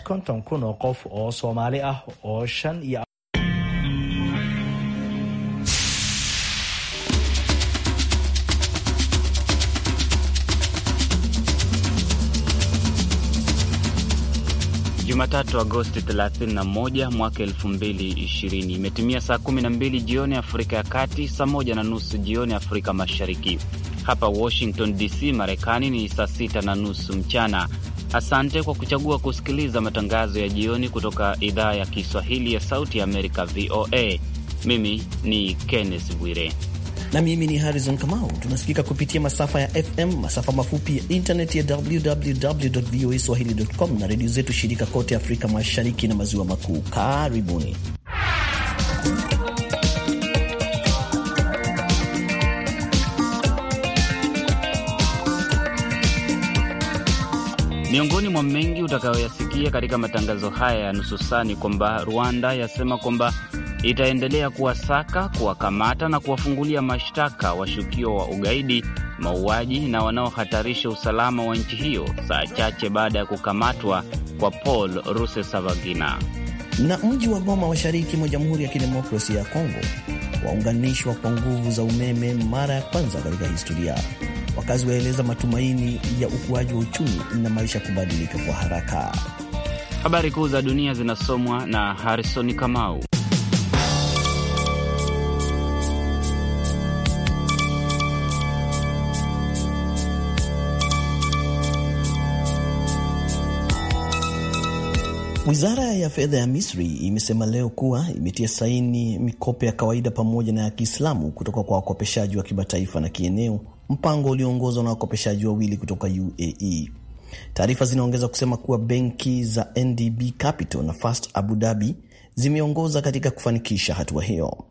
konton kun oo qof oo Soomaali ah oo shan iyo Jumatatu Agosti 31 mwaka 2020 imetimia saa 12 jioni Afrika ya Kati, saa moja na nusu jioni Afrika Mashariki. Hapa Washington DC, Marekani ni saa sita na nusu mchana. Asante kwa kuchagua kusikiliza matangazo ya jioni kutoka idhaa ya Kiswahili ya Sauti ya Amerika, VOA. Mimi ni Kenneth Bwire na mimi ni Harrison Kamau. Tunasikika kupitia masafa ya FM, masafa mafupi ya intaneti ya www voa swahili.com na redio zetu shirika kote Afrika Mashariki na Maziwa Makuu. Karibuni Miongoni mwa mengi utakayoyasikia katika matangazo haya ya nusu saa ni kwamba Rwanda yasema kwamba itaendelea kuwasaka, kuwakamata na kuwafungulia mashtaka washukiwa wa ugaidi, mauaji na wanaohatarisha usalama wa nchi hiyo, saa chache baada ya kukamatwa kwa Paul rusesavagina Na mji wa Goma, mashariki mwa Jamhuri ya Kidemokrasia ya Kongo, waunganishwa kwa nguvu za umeme mara ya kwanza katika historia wakazi waeleza matumaini ya ukuaji wa uchumi na maisha kubadilika kwa haraka. Habari kuu za dunia zinasomwa na Harrison Kamau. Wizara ya fedha ya Misri imesema leo kuwa imetia saini mikopo ya kawaida pamoja na ya Kiislamu kutoka kwa wakopeshaji wa kimataifa na kieneo mpango ulioongozwa na wakopeshaji wawili kutoka UAE. Taarifa zinaongeza kusema kuwa benki za NDB Capital na First Abu Dhabi zimeongoza katika kufanikisha hatua hiyo.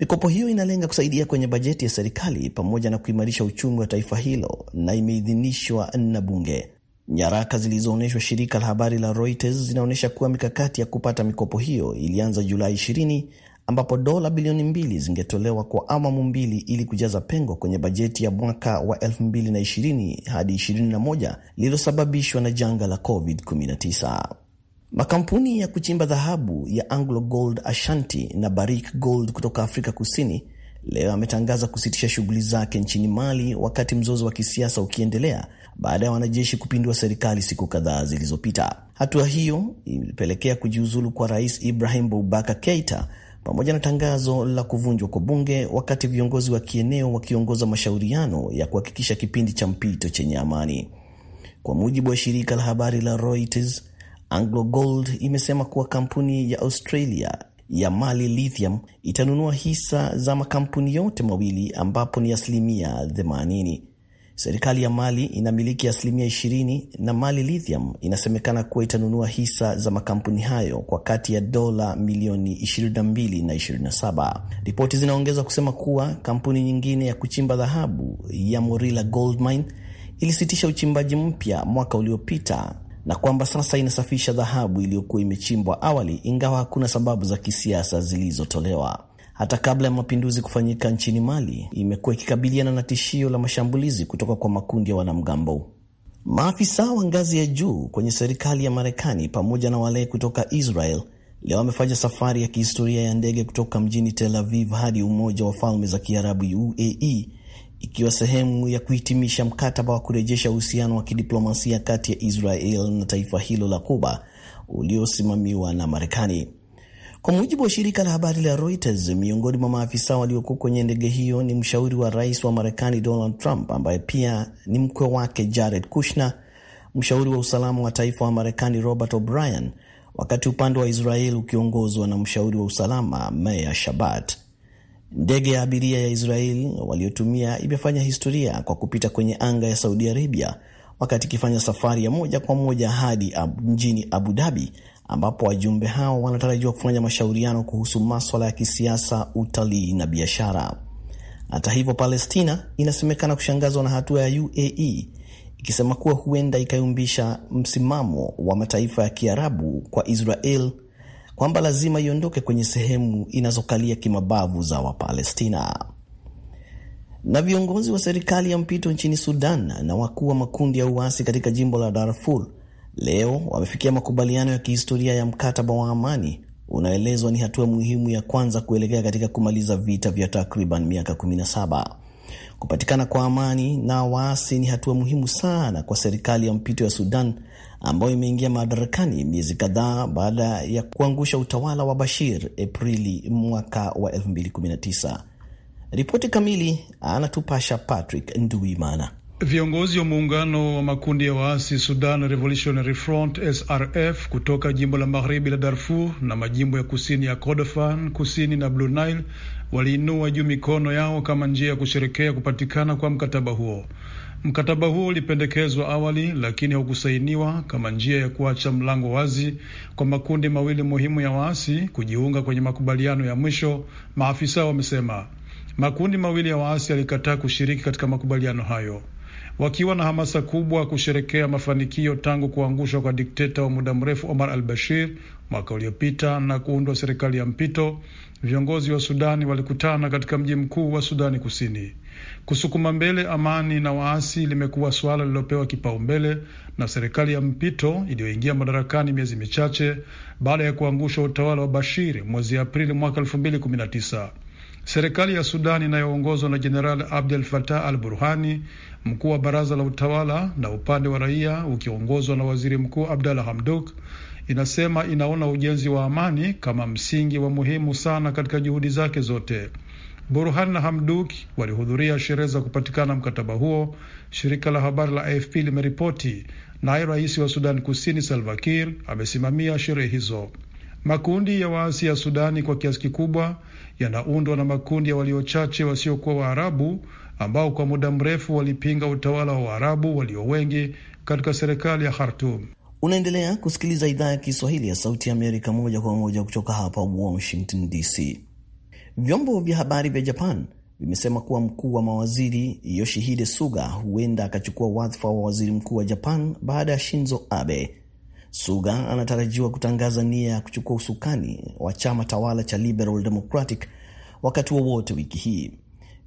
Mikopo hiyo inalenga kusaidia kwenye bajeti ya serikali pamoja na kuimarisha uchumi wa taifa hilo na imeidhinishwa na bunge. Nyaraka zilizoonyeshwa shirika la habari la Reuters zinaonyesha kuwa mikakati ya kupata mikopo hiyo ilianza Julai 20 ambapo dola bilioni mbili zingetolewa kwa awamu mbili ili kujaza pengo kwenye bajeti ya mwaka wa 2020 hadi 21 lililosababishwa na janga la COVID-19. Makampuni ya kuchimba dhahabu ya Anglo Gold Ashanti na Barrick Gold kutoka Afrika Kusini leo ametangaza kusitisha shughuli zake nchini Mali wakati mzozo wa kisiasa ukiendelea baada ya wanajeshi kupindua serikali siku kadhaa zilizopita. Hatua hiyo ilipelekea kujiuzulu kwa Rais Ibrahim Boubacar Keita pamoja na tangazo la kuvunjwa kwa bunge, wakati viongozi wa kieneo wakiongoza mashauriano ya kuhakikisha kipindi cha mpito chenye amani. Kwa mujibu wa shirika la habari la Reuters, gold imesema kuwa kampuni ya Australia ya Mali Lithium itanunua hisa za makampuni yote mawili ambapo ni asilimia 80. Serikali ya Mali inamiliki asilimia 20 na Mali Lithium inasemekana kuwa itanunua hisa za makampuni hayo kwa kati ya dola milioni 22 na 27. Ripoti zinaongeza kusema kuwa kampuni nyingine ya kuchimba dhahabu ya Morila Gold Mine ilisitisha uchimbaji mpya mwaka uliopita na kwamba sasa inasafisha dhahabu iliyokuwa imechimbwa awali, ingawa hakuna sababu za kisiasa zilizotolewa hata kabla ya mapinduzi kufanyika nchini Mali, imekuwa ikikabiliana na tishio la mashambulizi kutoka kwa makundi ya wanamgambo. Maafisa wa ngazi ya juu kwenye serikali ya Marekani pamoja na wale kutoka Israel leo wamefanya safari ya kihistoria ya ndege kutoka mjini Tel Aviv hadi Umoja wa Falme za Kiarabu, UAE, ikiwa sehemu ya kuhitimisha mkataba wa kurejesha uhusiano wa kidiplomasia kati ya Israel na taifa hilo la Kuba uliosimamiwa na Marekani. Kwa mujibu wa shirika la habari la Reuters, miongoni mwa maafisa waliokuwa kwenye ndege hiyo ni mshauri wa rais wa Marekani Donald Trump, ambaye pia ni mkwe wake Jared Kushner, mshauri wa usalama wa taifa wa Marekani Robert O'Brien, wakati upande wa Israel ukiongozwa na mshauri wa usalama Meir Shabat. Ndege ya abiria ya Israel waliotumia imefanya historia kwa kupita kwenye anga ya Saudi Arabia wakati ikifanya safari ya moja kwa moja hadi mjini Abu Dhabi ambapo wajumbe hao wanatarajiwa kufanya mashauriano kuhusu maswala ya kisiasa, utalii na biashara. Hata hivyo, Palestina inasemekana kushangazwa na hatua ya UAE ikisema kuwa huenda ikayumbisha msimamo wa mataifa ya Kiarabu kwa Israel kwamba lazima iondoke kwenye sehemu inazokalia kimabavu za Wapalestina. Na viongozi wa serikali ya mpito nchini Sudan na wakuu wa makundi ya uasi katika jimbo la Darfur leo wamefikia makubaliano ya kihistoria ya mkataba wa amani unaelezwa ni hatua muhimu ya kwanza kuelekea katika kumaliza vita vya takriban miaka 17. Kupatikana kwa amani na waasi ni hatua muhimu sana kwa serikali ya mpito ya Sudan ambayo imeingia madarakani miezi kadhaa baada ya kuangusha utawala wa Bashir Aprili mwaka wa 2019. Ripoti kamili anatupasha Patrick Nduimana. Viongozi wa muungano wa makundi ya waasi Sudan Revolutionary Front SRF kutoka jimbo la magharibi la Darfur na majimbo ya kusini ya Kordofan kusini na Blue Nile waliinua juu mikono yao kama njia ya kusherekea kupatikana kwa mkataba huo. Mkataba huo ulipendekezwa awali lakini haukusainiwa kama njia ya kuacha mlango wazi kwa makundi mawili muhimu ya waasi kujiunga kwenye makubaliano ya mwisho, maafisa wamesema. Makundi mawili ya waasi yalikataa kushiriki katika makubaliano hayo wakiwa na hamasa kubwa kusherekea mafanikio tangu kuangushwa kwa dikteta wa muda mrefu Omar al Bashir mwaka uliopita na kuundwa serikali ya mpito. Viongozi wa Sudani walikutana katika mji mkuu wa Sudani Kusini. Kusukuma mbele amani na waasi limekuwa suala lililopewa kipaumbele na serikali ya mpito iliyoingia madarakani miezi michache baada ya kuangushwa utawala wa Bashir mwezi Aprili mwaka 2019. Serikali ya Sudani inayoongozwa na Jenerali Abdel Fattah al Burhani mkuu wa baraza la utawala na upande wa raia ukiongozwa na waziri mkuu Abdalla Hamdok inasema inaona ujenzi wa amani kama msingi wa muhimu sana katika juhudi zake zote. Burhan na Hamduk walihudhuria sherehe za kupatikana mkataba huo, shirika la habari la AFP limeripoti. Naye rais wa Sudani Kusini Salva Kiir amesimamia sherehe hizo. Makundi ya waasi ya Sudani kwa kiasi kikubwa yanaundwa na makundi ya waliochache wasiokuwa Waarabu ambao kwa muda mrefu walipinga utawala wa Waarabu walio wengi katika serikali ya Khartum. Unaendelea kusikiliza idhaa ya Kiswahili ya Sauti ya Amerika moja kwa moja kutoka hapa Washington DC. Vyombo vya habari vya Japan vimesema kuwa mkuu wa mawaziri Yoshihide Suga huenda akachukua wadhifa wa waziri mkuu wa Japan baada ya Shinzo Abe. Suga anatarajiwa kutangaza nia ya kuchukua usukani wa chama tawala cha Liberal Democratic wakati wowote wiki hii.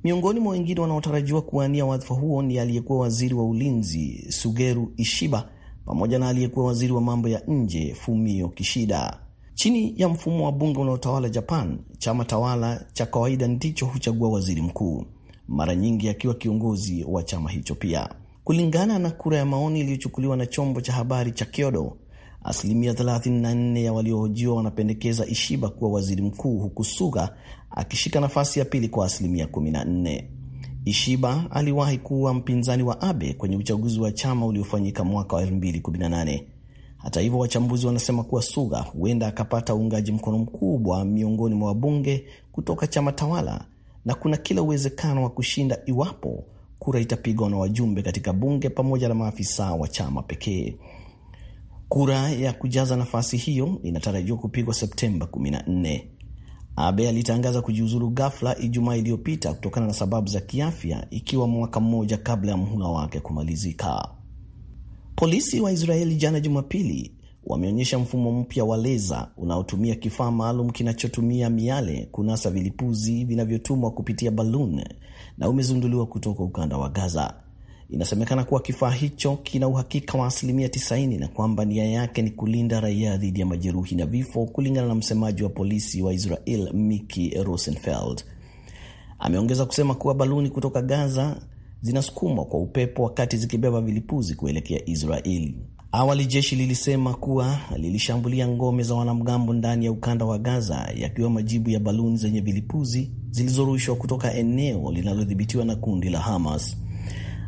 Miongoni mwa wengine wanaotarajiwa kuwania wadhifa huo ni aliyekuwa waziri wa ulinzi Sugeru Ishiba pamoja na aliyekuwa waziri wa mambo ya nje Fumio Kishida. Chini ya mfumo wa bunge unaotawala Japan, chama tawala cha kawaida ndicho huchagua waziri mkuu, mara nyingi akiwa kiongozi wa chama hicho. Pia kulingana na kura ya maoni iliyochukuliwa na chombo cha habari cha Kyodo, Asilimia 34 ya waliohojiwa wanapendekeza Ishiba kuwa waziri mkuu, huku Suga akishika nafasi ya pili kwa asilimia 14. Ishiba aliwahi kuwa mpinzani wa Abe kwenye uchaguzi wa chama uliofanyika mwaka wa 2018. Hata hivyo, wachambuzi wanasema kuwa Suga huenda akapata uungaji mkono mkubwa miongoni mwa wabunge kutoka chama tawala na kuna kila uwezekano wa kushinda iwapo kura itapigwa na wajumbe katika bunge pamoja na maafisa wa chama pekee. Kura ya kujaza nafasi hiyo inatarajiwa kupigwa Septemba 14. Abe alitangaza kujiuzulu ghafla Ijumaa iliyopita kutokana na sababu za kiafya, ikiwa mwaka mmoja kabla ya mhula wake kumalizika. Polisi wa Israeli jana Jumapili wameonyesha mfumo mpya wa leza unaotumia kifaa maalum kinachotumia miale kunasa vilipuzi vinavyotumwa kupitia balun na umezunduliwa kutoka ukanda wa Gaza. Inasemekana kuwa kifaa hicho kina uhakika wa asilimia 90 na kwamba nia yake ni kulinda raia dhidi ya majeruhi na vifo, kulingana na msemaji wa polisi wa Israel Miki Rosenfeld. Ameongeza kusema kuwa baluni kutoka Gaza zinasukumwa kwa upepo wakati zikibeba vilipuzi kuelekea Israeli. Awali jeshi lilisema kuwa lilishambulia ngome za wanamgambo ndani ya ukanda wa Gaza, yakiwa majibu ya baluni zenye vilipuzi zilizorushwa kutoka eneo linalodhibitiwa na kundi la Hamas.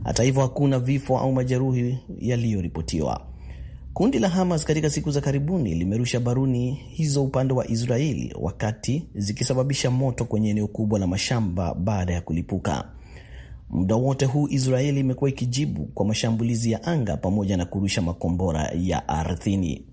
Hata hivyo hakuna vifo au majeruhi yaliyoripotiwa. Kundi la Hamas katika siku za karibuni limerusha baruni hizo upande wa Israeli wakati zikisababisha moto kwenye eneo kubwa la mashamba baada ya kulipuka. Muda wote huu Israeli imekuwa ikijibu kwa mashambulizi ya anga pamoja na kurusha makombora ya ardhini.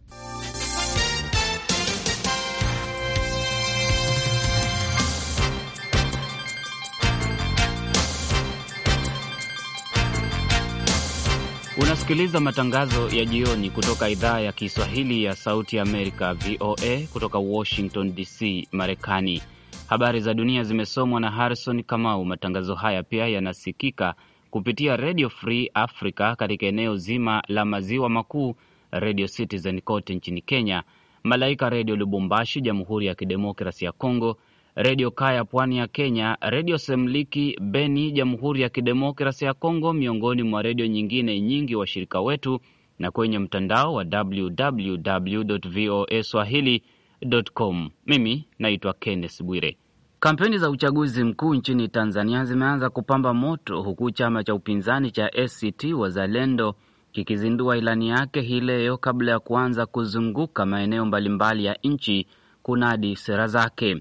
Unasikiliza matangazo ya jioni kutoka idhaa ya Kiswahili ya Sauti Amerika, VOA, kutoka Washington DC, Marekani. Habari za dunia zimesomwa na Harrison Kamau. Matangazo haya pia yanasikika kupitia Radio Free Africa katika eneo zima la maziwa makuu, Radio Citizen kote nchini Kenya, Malaika Redio Lubumbashi, Jamhuri ya Kidemokrasi ya Kongo, Redio Kaya pwani ya Kenya, Redio Semliki Beni Jamhuri ya Kidemokrasi ya Kongo, miongoni mwa redio nyingine nyingi washirika wetu, na kwenye mtandao wa www voa swahili.com. Mimi naitwa Kenneth Bwire. Kampeni za uchaguzi mkuu nchini Tanzania zimeanza kupamba moto, huku chama cha upinzani cha ACT Wazalendo kikizindua ilani yake hii leo kabla ya kuanza kuzunguka maeneo mbalimbali ya nchi kunadi sera zake.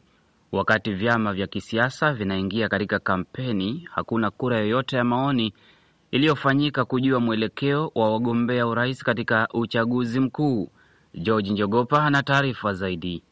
Wakati vyama vya kisiasa vinaingia katika kampeni, hakuna kura yoyote ya maoni iliyofanyika kujua mwelekeo wa wagombea urais katika uchaguzi mkuu. George Njogopa ana taarifa zaidi.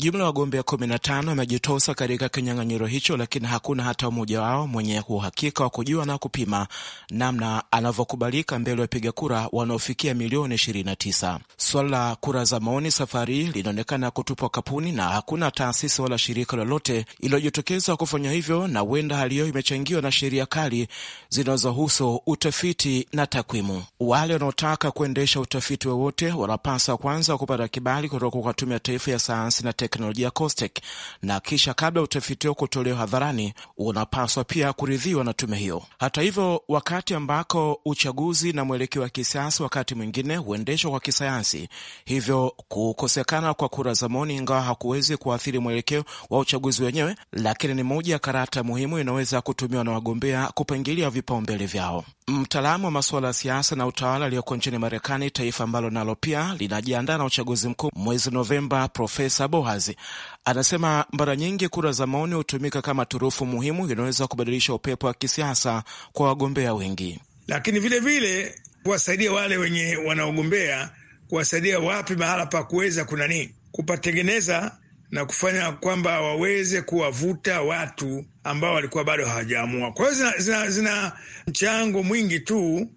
Jumla ya wagombea 15 wamejitosa katika kinyang'anyiro hicho, lakini hakuna hata mmoja wao mwenye uhakika wa kujua na kupima namna anavyokubalika mbele ya wapiga kura wanaofikia milioni 29. Swala la kura za maoni safari linaonekana kutupwa kapuni na hakuna taasisi wala shirika lolote iliyojitokeza kufanya hivyo, na huenda hali hiyo imechangiwa na sheria kali zinazohusu utafiti na takwimu. Wale wanaotaka kuendesha utafiti wowote wanapaswa kwanza kupata kibali kutoka kwa Tume ya Taifa ya Sayansi na teknolojia COSTECH, na kisha kabla utafiti huo kutolewa hadharani unapaswa pia kuridhiwa na tume hiyo. Hata hivyo, wakati ambako uchaguzi na mwelekeo wa kisiasa wakati mwingine huendeshwa kwa kisayansi, hivyo kukosekana kwa kura za maoni, ingawa hakuwezi kuathiri mwelekeo wa uchaguzi wenyewe, lakini ni moja ya karata muhimu inaweza kutumiwa na wagombea kupangilia vipaumbele vyao. Mtaalamu wa masuala ya siasa na utawala aliyoko nchini Marekani, taifa ambalo nalo pia linajiandaa na uchaguzi mkuu mwezi Novemba, Profesa Boha kazi. Anasema mara nyingi kura za maoni hutumika kama turufu muhimu inaweza kubadilisha upepo wa kisiasa kwa wagombea wengi, lakini vilevile kuwasaidia wale wenye wanaogombea, kuwasaidia wapi mahala pa kuweza kuna nini kupatengeneza na kufanya kwamba waweze kuwavuta watu ambao walikuwa bado hawajaamua. Kwa hiyo zina, zina, zina mchango mwingi tu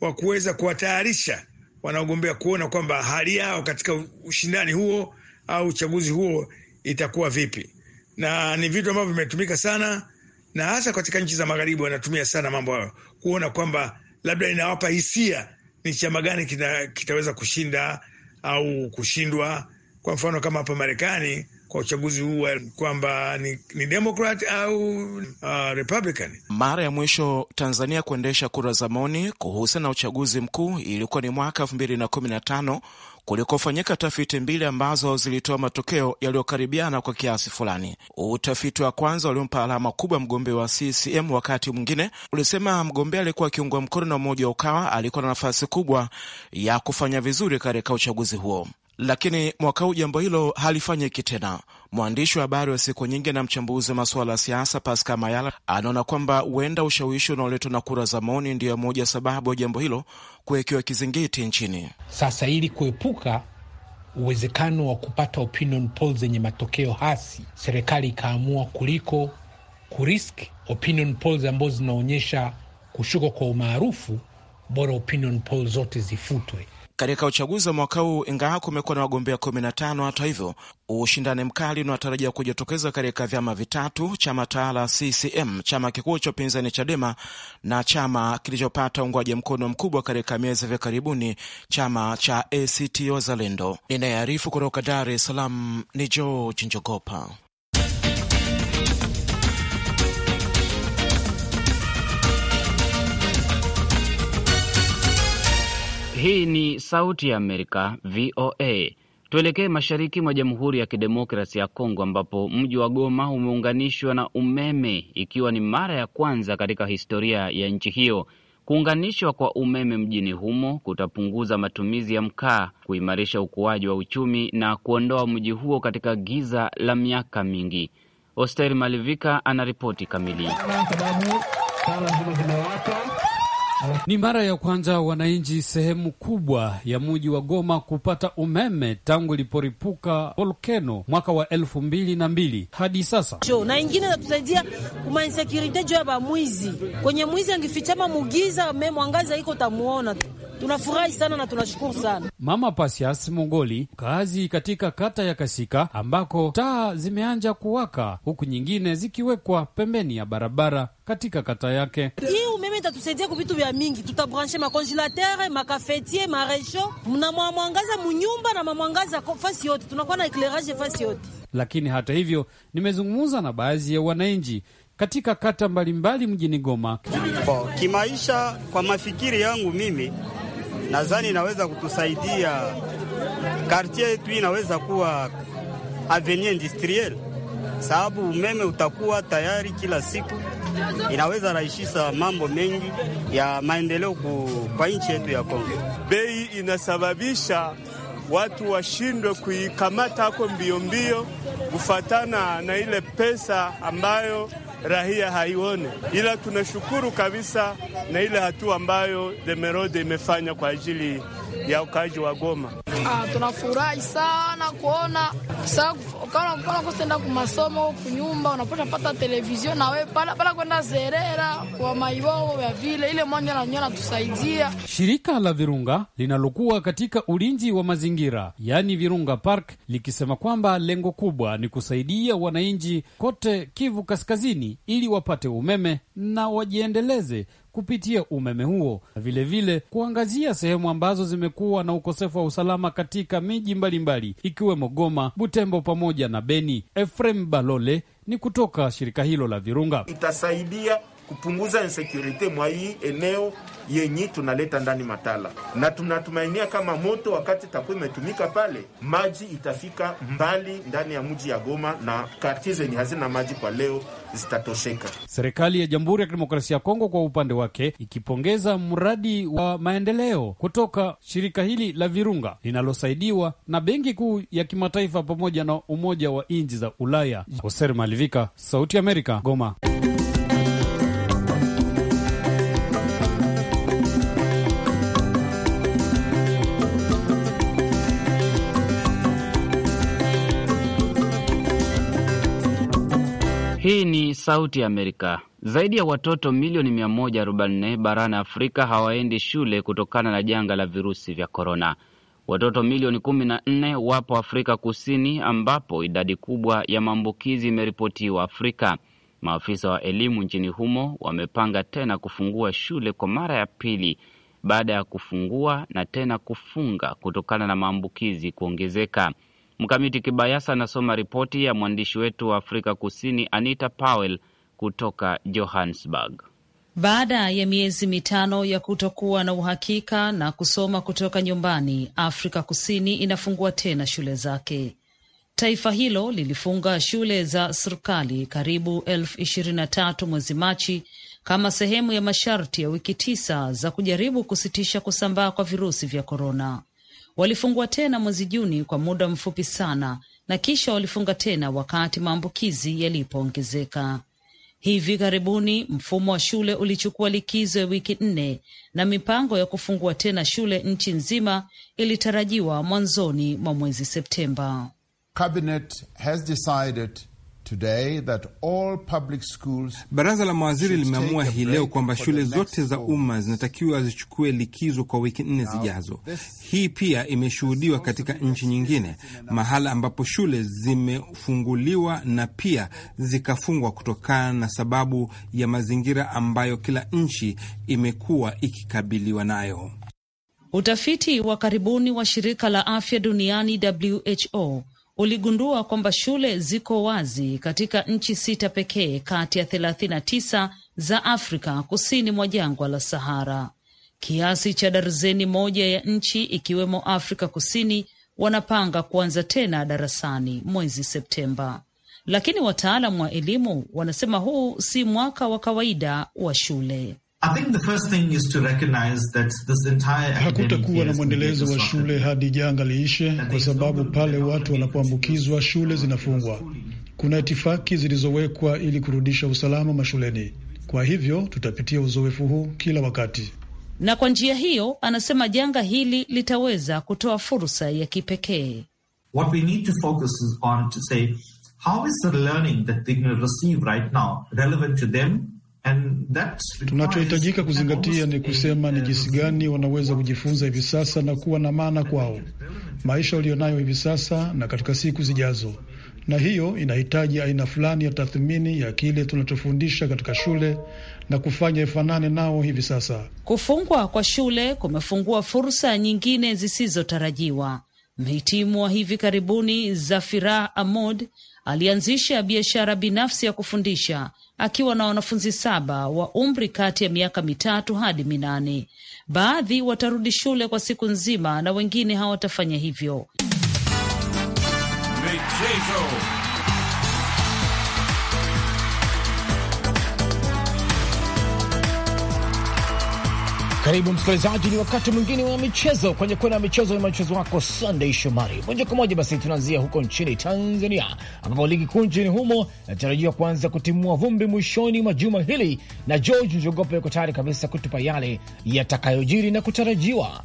wa kuweza kuwatayarisha wanaogombea kuona kwamba hali yao katika ushindani huo au uchaguzi huo itakuwa vipi, na ni vitu ambavyo vimetumika sana, na hasa katika nchi za magharibi wanatumia sana mambo hayo kuona kwamba labda inawapa hisia ni chama gani kita, kitaweza kushinda au kushindwa. Kwa mfano kama hapa Marekani kwa uchaguzi huu kwamba ni, ni Democrat au uh, Republican. Mara ya mwisho Tanzania kuendesha kura za maoni kuhusiana na uchaguzi mkuu ilikuwa ni mwaka elfu mbili na kumi na tano kulikofanyika tafiti mbili ambazo zilitoa matokeo yaliyokaribiana kwa kiasi fulani. Utafiti wa kwanza ulimpa alama kubwa mgombea wa CCM, wakati mwingine ulisema mgombea alikuwa akiungwa mkono na umoja wa Ukawa alikuwa na nafasi kubwa ya kufanya vizuri katika uchaguzi huo lakini mwaka huu jambo hilo halifanyiki tena. Mwandishi wa habari wa siku nyingi na mchambuzi wa masuala ya siasa Pascal Mayala anaona kwamba huenda ushawishi unaoletwa na kura za maoni ndiyo moja sababu ya jambo hilo kuwekewa kizingiti nchini. Sasa ili kuepuka uwezekano wa kupata opinion poll zenye matokeo hasi, serikali ikaamua kuliko kurisk opinion polls ambazo zinaonyesha kushuka kwa umaarufu, bora opinion poll zote zifutwe katika uchaguzi wa mwaka huu, ingawa kumekuwa na wagombea 15. Hata hivyo, ushindani mkali unatarajia kujitokeza katika vyama vitatu: chama tawala CCM, chama kikuu cha upinzani Chadema na chama kilichopata ungwaji mkono mkubwa katika miezi vya karibuni, chama cha ACT Wazalendo. Ninayearifu kutoka Dar es Salaam ni George Njogopa. Hii ni Sauti ya Amerika, VOA. Tuelekee mashariki mwa Jamhuri ya Kidemokrasi ya Kongo, ambapo mji wa Goma umeunganishwa na umeme, ikiwa ni mara ya kwanza katika historia ya nchi hiyo. Kuunganishwa kwa umeme mjini humo kutapunguza matumizi ya mkaa, kuimarisha ukuaji wa uchumi na kuondoa mji huo katika giza la miaka mingi. Osteri Malivika anaripoti kamili ni mara ya kwanza wananchi sehemu kubwa ya mji wa Goma kupata umeme tangu iliporipuka volkeno mwaka wa elfu mbili na mbili hadi sasa. na ingine natusaidia kuma insekurite juu ya bamwizi kwenye mwizi angifichama mugiza me mwangaza iko tamuona Tunafurahi sana na tunashukuru sana. Mama Pasias Mongoli, kazi katika kata ya Kasika ambako taa zimeanja kuwaka huku nyingine zikiwekwa pembeni ya barabara katika kata yake. Hii umeme itatusaidia kwa vitu vya mingi, tutabranche makongilatere, makafetie, marejo, mnamwamwangaza munyumba na mamwangaza fasi yote, tunakuwa na eklerage fasi yote. Lakini hata hivyo, nimezungumza na baadhi ya wananchi katika kata mbalimbali mjini Goma. Kimaisha, kwa mafikiri yangu mimi nadhani inaweza kutusaidia kartie yetu inaweza kuwa avenir industriel, sababu umeme utakuwa tayari kila siku, inaweza rahisisha mambo mengi ya maendeleo kwa nchi yetu ya Kongo. Bei inasababisha watu washindwe kuikamata ako mbio mbio, kufatana na ile pesa ambayo rahia haione, ila tunashukuru kabisa na ile hatua ambayo Demerode imefanya kwa ajili ya ukaaji wa Goma. Ah, tunafurahi sana kuona masomo kumasomo kunyumba unapata pata televizio nawe pala pala kwenda zerera kwa maiwao ya vile ile mwanja na nyona tusaidia. Shirika la Virunga linalokuwa katika ulinzi wa mazingira yaani Virunga Park likisema kwamba lengo kubwa ni kusaidia wananchi kote Kivu Kaskazini ili wapate umeme na wajiendeleze kupitia umeme huo, na vilevile kuangazia sehemu ambazo zimekuwa na ukosefu wa usalama katika miji mbalimbali ikiwemo Goma, Butembo pamoja na Beni. Efrem Balole ni kutoka shirika hilo la Virunga. Itasaidia kupunguza insecurity mwa hii eneo yenyi tunaleta ndani Matala, na tunatumainia kama moto wakati takuwa imetumika pale, maji itafika mbali ndani ya mji ya Goma na kati zenye hazina maji kwa leo zitatosheka. Serikali ya Jamhuri ya Kidemokrasia ya Kongo kwa upande wake ikipongeza mradi wa maendeleo kutoka shirika hili la Virunga linalosaidiwa na Benki Kuu ya Kimataifa pamoja na Umoja wa Nchi za Ulaya. Hoser Malivika, Sauti ya Amerika, Goma. Hii ni Sauti ya Amerika. Zaidi ya watoto milioni 144 barani Afrika hawaendi shule kutokana na janga la virusi vya korona. Watoto milioni 14 wapo Afrika Kusini, ambapo idadi kubwa ya maambukizi imeripotiwa Afrika. Maafisa wa elimu nchini humo wamepanga tena kufungua shule kwa mara ya pili baada ya kufungua na tena kufunga kutokana na maambukizi kuongezeka. Mkamiti Kibayasa anasoma ripoti ya mwandishi wetu wa Afrika Kusini Anita Powell kutoka Johannesburg. Baada ya miezi mitano ya kutokuwa na uhakika na kusoma kutoka nyumbani, Afrika Kusini inafungua tena shule zake. Taifa hilo lilifunga shule za serikali karibu elfu ishirini na tatu mwezi Machi kama sehemu ya masharti ya wiki tisa za kujaribu kusitisha kusambaa kwa virusi vya korona walifungua tena mwezi Juni kwa muda mfupi sana na kisha walifunga tena wakati maambukizi yalipoongezeka. Hivi karibuni mfumo wa shule ulichukua likizo ya wiki nne na mipango ya kufungua tena shule nchi nzima ilitarajiwa mwanzoni mwa mwezi Septemba. Cabinet has decided Baraza la mawaziri limeamua hii leo kwamba shule zote za umma zinatakiwa zichukue likizo kwa wiki nne zijazo. Hii pia imeshuhudiwa katika nchi nyingine, mahala ambapo shule zimefunguliwa na pia zikafungwa kutokana na sababu ya mazingira ambayo kila nchi imekuwa ikikabiliwa nayo. Utafiti wa karibuni wa shirika la afya duniani WHO uligundua kwamba shule ziko wazi katika nchi sita pekee kati ya thelathini na tisa za Afrika kusini mwa jangwa la Sahara. Kiasi cha darzeni moja ya nchi ikiwemo Afrika Kusini wanapanga kuanza tena darasani mwezi Septemba, lakini wataalam wa elimu wanasema huu si mwaka wa kawaida wa shule. Hakutakuwa na mwendelezo wa shule hadi janga liishe, kwa sababu pale watu wanapoambukizwa shule zinafungwa. Kuna itifaki zilizowekwa ili kurudisha usalama mashuleni, kwa hivyo tutapitia uzoefu huu kila wakati. Na kwa njia hiyo, anasema janga hili litaweza kutoa fursa ya kipekee. Right Tunachohitajika kuzingatia ni kusema ni jinsi gani wanaweza kujifunza hivi sasa na kuwa na maana kwao maisha walionayo hivi sasa na katika siku zijazo, na hiyo inahitaji aina fulani ya tathmini ya kile tunachofundisha katika shule na kufanya ifanane nao hivi sasa. Kufungwa kwa shule kumefungua fursa nyingine zisizotarajiwa. Mhitimu wa hivi karibuni zafira Amod alianzisha biashara binafsi ya kufundisha akiwa na wanafunzi saba wa umri kati ya miaka mitatu hadi minane. Baadhi watarudi shule kwa siku nzima na wengine hawatafanya hivyo. Karibu msikilizaji, ni wakati mwingine wa michezo kwenye kona ya michezo ya mchezo wako Sunday Shomari. Moja kwa moja basi tunaanzia huko nchini Tanzania, ambapo ligi kuu nchini humo inatarajiwa kuanza kutimua vumbi mwishoni mwa juma hili, na George Njogope yuko tayari kabisa kutupa yale yatakayojiri na kutarajiwa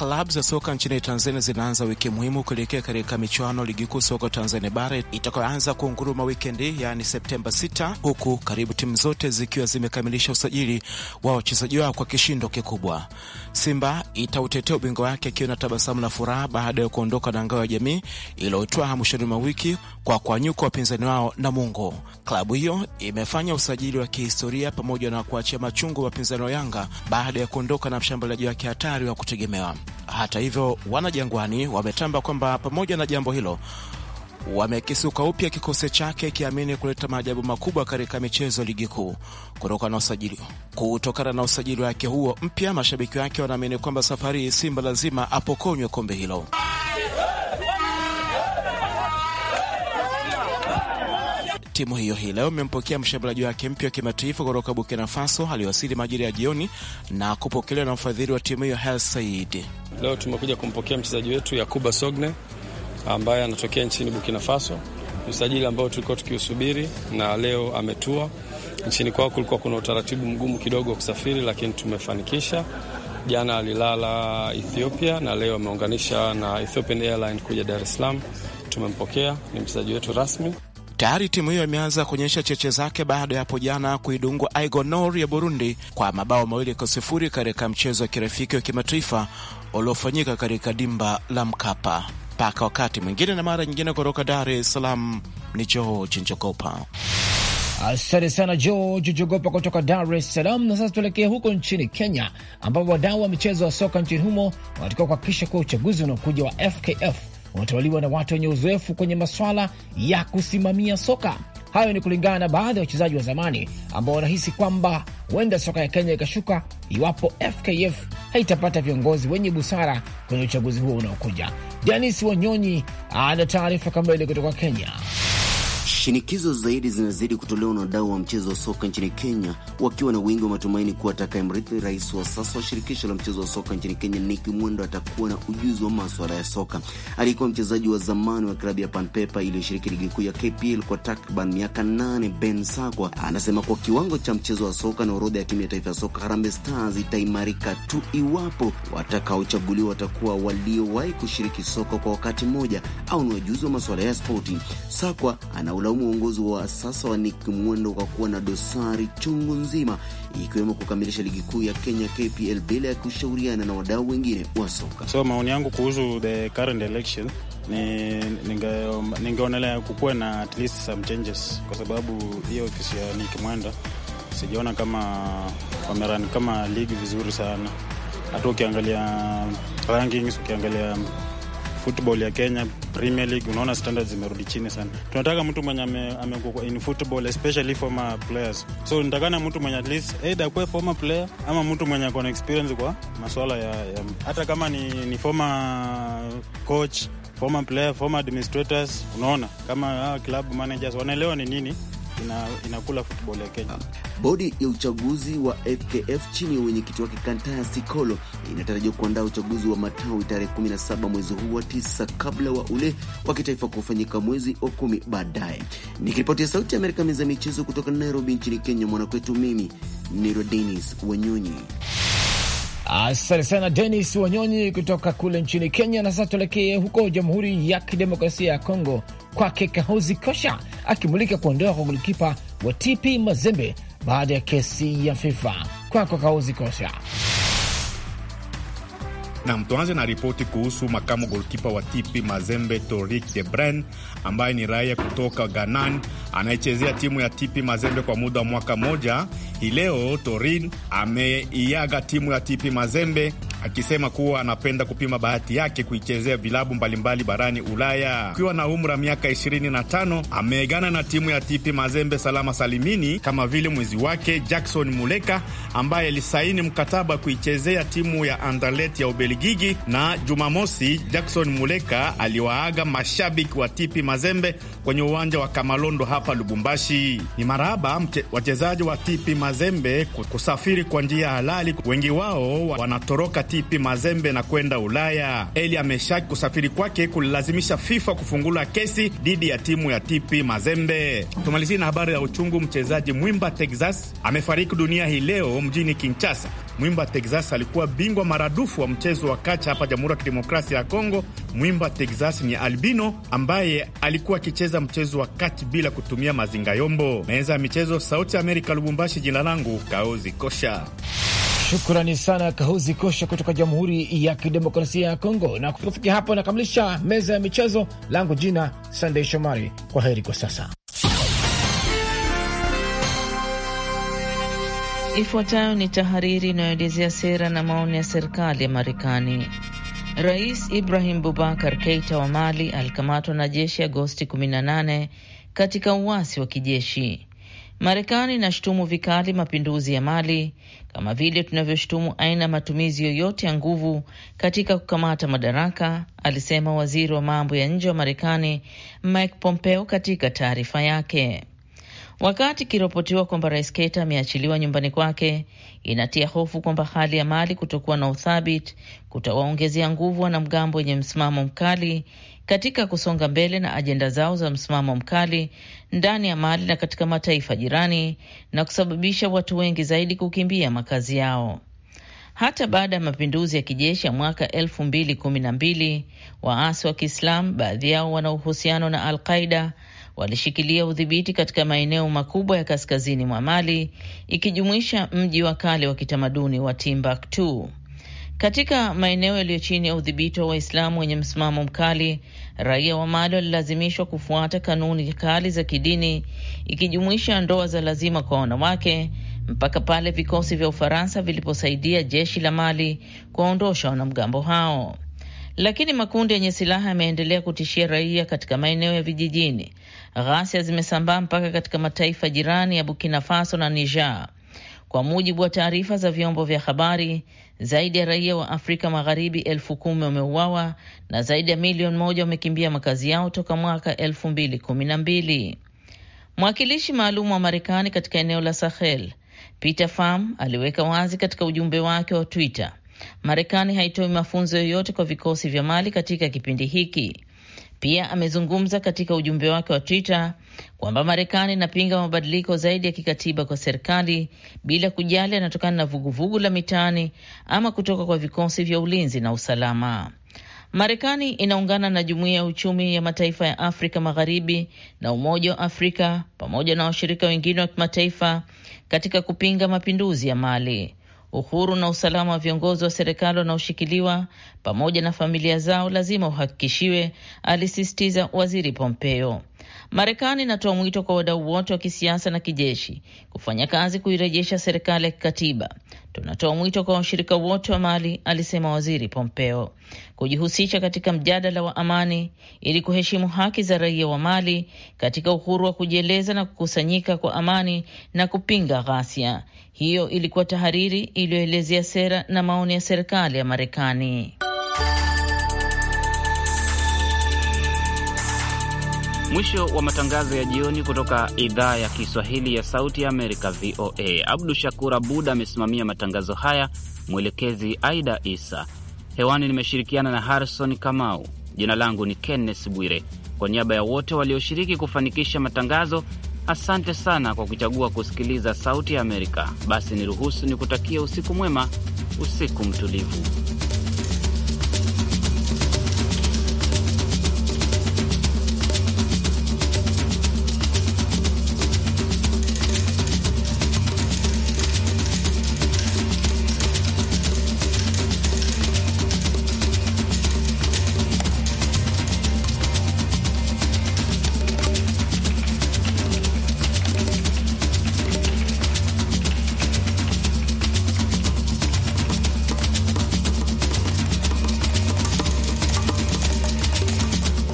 klabu za soka nchini Tanzania zinaanza wiki muhimu kuelekea katika michuano ligi kuu soka Tanzania bara itakayoanza kuunguruma wikendi, yaani Septemba 6, huku karibu timu zote zikiwa zimekamilisha usajili wa wachezaji wao kwa kishindo kikubwa. Simba itautetea ubingwa wake akiwa na tabasamu na furaha baada ya kuondoka na ngao ya jamii iliyotwaa mwishoni mwa wiki kwa kuanyuka wapinzani wao Namungo. Klabu hiyo imefanya usajili wa kihistoria pamoja na kuachia machungu wapinzani wa Yanga baada ya kuondoka na mshambuliaji wake hatari wa kutegemewa hata hivyo, wanajangwani wametamba kwamba pamoja na jambo hilo wamekisuka upya kikosi chake kiamini kuleta maajabu makubwa katika michezo ligi kuu. Kutokana na usajili wake huo mpya, mashabiki wake wanaamini kwamba safari hii Simba lazima apokonywe kombe hilo. Timu hiyo hii leo imempokea mshambuliaji wake mpya wa kimataifa kutoka Burkina Faso aliyowasili majira ya jioni na kupokelewa na mfadhili wa timu hiyo Hel Said. Leo tumekuja kumpokea mchezaji wetu Yakuba Sogne ambaye anatokea nchini Burkina Faso, usajili ambao tulikuwa tukiusubiri, na leo ametua nchini kwao. Kulikuwa kuna utaratibu mgumu kidogo wa kusafiri, lakini tumefanikisha. Jana alilala Ethiopia na leo ameunganisha na Ethiopian Airline kuja Dar es Salaam. Tumempokea, ni mchezaji wetu rasmi. Tayari timu hiyo imeanza kuonyesha cheche zake baada ya hapo jana kuidungwa Aigonor ya Burundi kwa mabao mawili kwa sifuri katika mchezo wa kirafiki wa kimataifa uliofanyika katika dimba la Mkapa. Mpaka wakati mwingine na mara nyingine, kutoka Dar es Salaam ni George Njogopa. Asante sana George Jogopa kutoka Dar es Salaam. Na sasa tuelekee huko nchini Kenya, ambapo wadau wa michezo wa soka nchini humo wanatakiwa kuhakikisha kuwa uchaguzi unaokuja wa FKF wanatawaliwa na watu wenye uzoefu kwenye maswala ya kusimamia soka. Hayo ni kulingana na baadhi ya wachezaji wa zamani ambao wanahisi kwamba huenda soka ya Kenya ikashuka iwapo FKF haitapata viongozi wenye busara kwenye uchaguzi huo unaokuja. Denis Wanyonyi ana taarifa kamili kutoka Kenya. Shinikizo zaidi zinazidi kutolewa na wadau wa mchezo wa soka nchini Kenya, wakiwa na wingi wa matumaini kuwa atakayemrithi rais wa sasa wa shirikisho la mchezo wa soka nchini Kenya, Nick Mwendo, atakuwa na ujuzi wa maswala ya soka. aliyekuwa mchezaji wa zamani wa klabu ya Panpepa iliyoshiriki ligi kuu ya KPL kwa takriban miaka nane. Ben Sakwa anasema kwa kiwango cha mchezo wa soka na orodha ya timu ya taifa ya soka Harambee Stars itaimarika tu iwapo watakaochaguliwa watakuwa waliowahi kushiriki soka kwa wakati mmoja au ni wajuzi wa maswala ya spoti. Sakwa ana unalaumu uongozi wa sasa wa Nick Mwendo kwa kuwa na dosari chungu nzima, ikiwemo kukamilisha ligi kuu ya Kenya KPL bila ya kushauriana na wadau wengine wa soka. So maoni yangu kuhusu the current election ni ningeonelea kukuwa na at least some changes, kwa sababu hiyo ofisi ya Nick Mwendo sijaona kama wamerani kama ligi vizuri sana, hata ukiangalia rankings, ukiangalia football ya Kenya Premier League, unaona standard zimerudi chini sana. Tunataka mtu mwenye amekuwa in football especially former players, so nitakana mtu mwenye at least either akuwe former player ama mtu mwenye ako experience kwa masuala ya, ya hata kama ni, ni former coach, former player, former administrators, unaona kama ah, club managers wanaelewa ni nini ina, inakula football ya Kenya. Bodi ya uchaguzi wa FKF chini ya wenyekiti wake Kantaa Sikolo inatarajiwa kuandaa uchaguzi wa matawi tarehe 17 mwezi huu wa tisa kabla wa ule wa kitaifa kufanyika mwezi wa kumi baadaye. Nikiripoti ya Sauti ya Amerika meza michezo kutoka Nairobi nchini Kenya, mwanakwetu mimi ni Rodenis Wanyonyi. Asante sana Denis Wanyonyi kutoka kule nchini Kenya. Na sasa tuelekee huko Jamhuri ya Kidemokrasia ya Kongo kwake Kahozi Kosha akimulika kuondoka kwa golikipa wa TP Mazembe baada ya kesi ya FIFA. Kwako Kahozi Kosha. Nam, tuanze na ripoti kuhusu makamu golkipa wa TP Mazembe Torik de Bren ambaye ni raia kutoka Ganan anayechezea timu ya TP Mazembe kwa muda wa mwaka mmoja. Hii leo Torin ameiaga timu ya TP Mazembe akisema kuwa anapenda kupima bahati yake kuichezea vilabu mbalimbali barani Ulaya. Akiwa na umri wa miaka 25, ameegana na timu ya TP Mazembe salama salimini, kama vile mwezi wake Jackson Muleka ambaye alisaini mkataba kuichezea timu ya andalet ya Ubelgiji. Na Jumamosi, Jackson Muleka aliwaaga mashabiki wa TP Mazembe kwenye uwanja wa Kamalondo hapa Lubumbashi. Ni maraba wachezaji wa TP Mazembe kusafiri kwa njia halali, wengi wao wanatoroka TP Mazembe na kwenda Ulaya. Eli ameshaki kusafiri kwake kulilazimisha FIFA kufungula kesi dhidi ya timu ya TP Mazembe. Tumalizie na habari ya uchungu. Mchezaji Mwimba Texas amefariki dunia hii leo mjini Kinshasa. Mwimba Texas alikuwa bingwa maradufu wa mchezo wa kacha hapa Jamhuri ya Kidemokrasia ya Kongo. Mwimba Texas ni albino ambaye alikuwa akicheza mchezo wa kati bila kutumia mazinga yombo. Meza ya michezo, Sauti ya Amerika, Lubumbashi. Jina langu Kaozi Kosha. Shukrani sana Kahuzi Kosha kutoka Jamhuri ya Kidemokrasia ya Kongo. Na kufikia hapo nakamilisha meza ya michezo, langu jina Sandey Shomari. Kwa heri kwa sasa. Ifuatayo ni tahariri inayoelezea sera na maoni ya serikali ya Marekani. Rais Ibrahim Bubakar Keita wa Mali alikamatwa na jeshi Agosti 18 katika uasi wa kijeshi. Marekani inashutumu vikali mapinduzi ya Mali kama vile tunavyoshutumu aina ya matumizi yoyote ya nguvu katika kukamata madaraka, alisema waziri wa mambo ya nje wa Marekani Mike Pompeo katika taarifa yake. Wakati ikiripotiwa kwamba rais Keita ameachiliwa nyumbani kwake, inatia hofu kwamba hali ya Mali kutokuwa na uthabiti kutawaongezea nguvu wanamgambo wenye msimamo mkali katika kusonga mbele na ajenda zao za msimamo mkali ndani ya Mali na katika mataifa jirani na kusababisha watu wengi zaidi kukimbia makazi yao. Hata baada ya mapinduzi ya kijeshi ya mwaka elfu mbili kumi na mbili waasi wa Kiislamu, baadhi yao wana uhusiano na Alqaida, walishikilia udhibiti katika maeneo makubwa ya kaskazini mwa Mali, ikijumuisha mji wa kale wa kitamaduni wa Timbuktu. Katika maeneo yaliyo chini ya udhibiti wa Waislamu wenye msimamo mkali, raia wa Mali walilazimishwa kufuata kanuni kali za kidini, ikijumuisha ndoa za lazima kwa wanawake mpaka pale vikosi vya Ufaransa viliposaidia jeshi la Mali kuwaondosha wanamgambo hao. Lakini makundi yenye silaha yameendelea kutishia raia katika maeneo ya vijijini. Ghasia zimesambaa mpaka katika mataifa jirani ya Burkina Faso na Niger. Kwa mujibu wa taarifa za vyombo vya habari, zaidi ya raia wa Afrika Magharibi elfu kumi wameuawa na zaidi ya milioni moja wamekimbia makazi yao toka mwaka elfu mbili kumi na mbili. Mwakilishi maalum wa Marekani katika eneo la Sahel Peter Pham aliweka wazi katika ujumbe wake wa Twitter, Marekani haitoi mafunzo yoyote kwa vikosi vya Mali katika kipindi hiki. Pia amezungumza katika ujumbe wake wa Twitter kwamba Marekani inapinga mabadiliko zaidi ya kikatiba kwa serikali bila kujali anatokana na vuguvugu la mitaani ama kutoka kwa vikosi vya ulinzi na usalama. Marekani inaungana na Jumuiya ya Uchumi ya Mataifa ya Afrika Magharibi na Umoja wa Afrika pamoja na washirika wengine wa kimataifa katika kupinga mapinduzi ya Mali. Uhuru na usalama wa viongozi wa serikali wanaoshikiliwa pamoja na familia zao lazima uhakikishiwe, alisisitiza Waziri Pompeo. Marekani inatoa mwito kwa wadau wote wa kisiasa na kijeshi kufanya kazi kuirejesha serikali ya kikatiba. Tunatoa mwito kwa washirika wote wa Mali, alisema Waziri Pompeo, kujihusisha katika mjadala wa amani ili kuheshimu haki za raia wa Mali katika uhuru wa kujieleza na kukusanyika kwa amani na kupinga ghasia. Hiyo ilikuwa tahariri iliyoelezea sera na maoni ya serikali ya Marekani. Mwisho wa matangazo ya jioni kutoka idhaa ya Kiswahili ya Sauti ya Amerika, VOA. Abdu Shakur Abud amesimamia matangazo haya, mwelekezi Aida Isa. Hewani nimeshirikiana na Harrison Kamau. Jina langu ni Kenneth Bwire. Kwa niaba ya wote walioshiriki kufanikisha matangazo Asante sana kwa kuchagua kusikiliza Sauti ya Amerika. Basi niruhusu kutakia usiku mwema, usiku mtulivu.